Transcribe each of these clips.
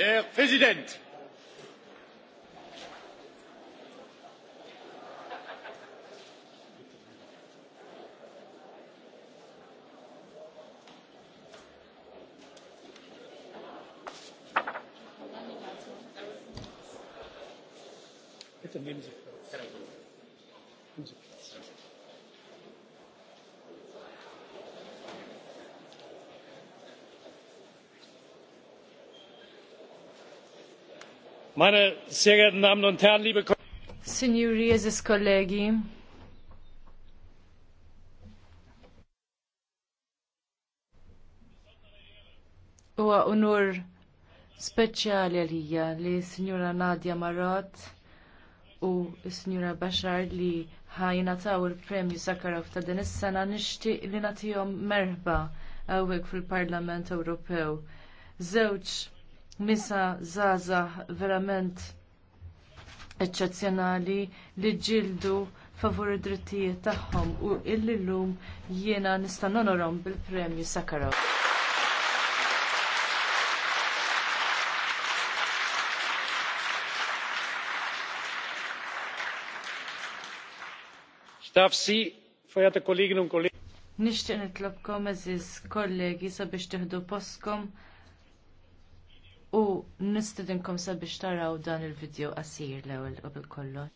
Herr Präsident! Bitte nehmen Signori, kollegi. Huwa unur speċjali għalija li s-Sinjura Nadja Marot u s-Sinjura Bashar li ħajna taw il-premju Sakharov ta' din is-sena nixtieq li nagħtihom merħba hawnhekk fil-Parlament Ewropew. Żewġ nisa zaza verament eċċezzjonali li ġildu favur id-drittijiet tagħhom u llum jiena nista' nonorhom bil-Premju Sakharov. Nixtieq Nishtiq nitlobkom eżiz kollegi sabiex tiħdu postkom u nistidinkom sabiex taraw dan il-video qasir l-ewwel qabel kollox.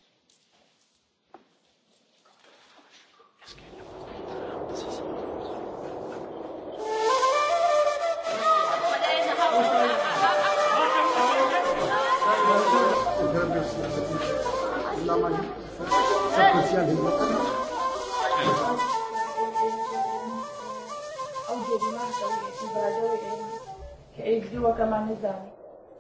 Aw ġedi naħseb li qed jibgħu kemani dan.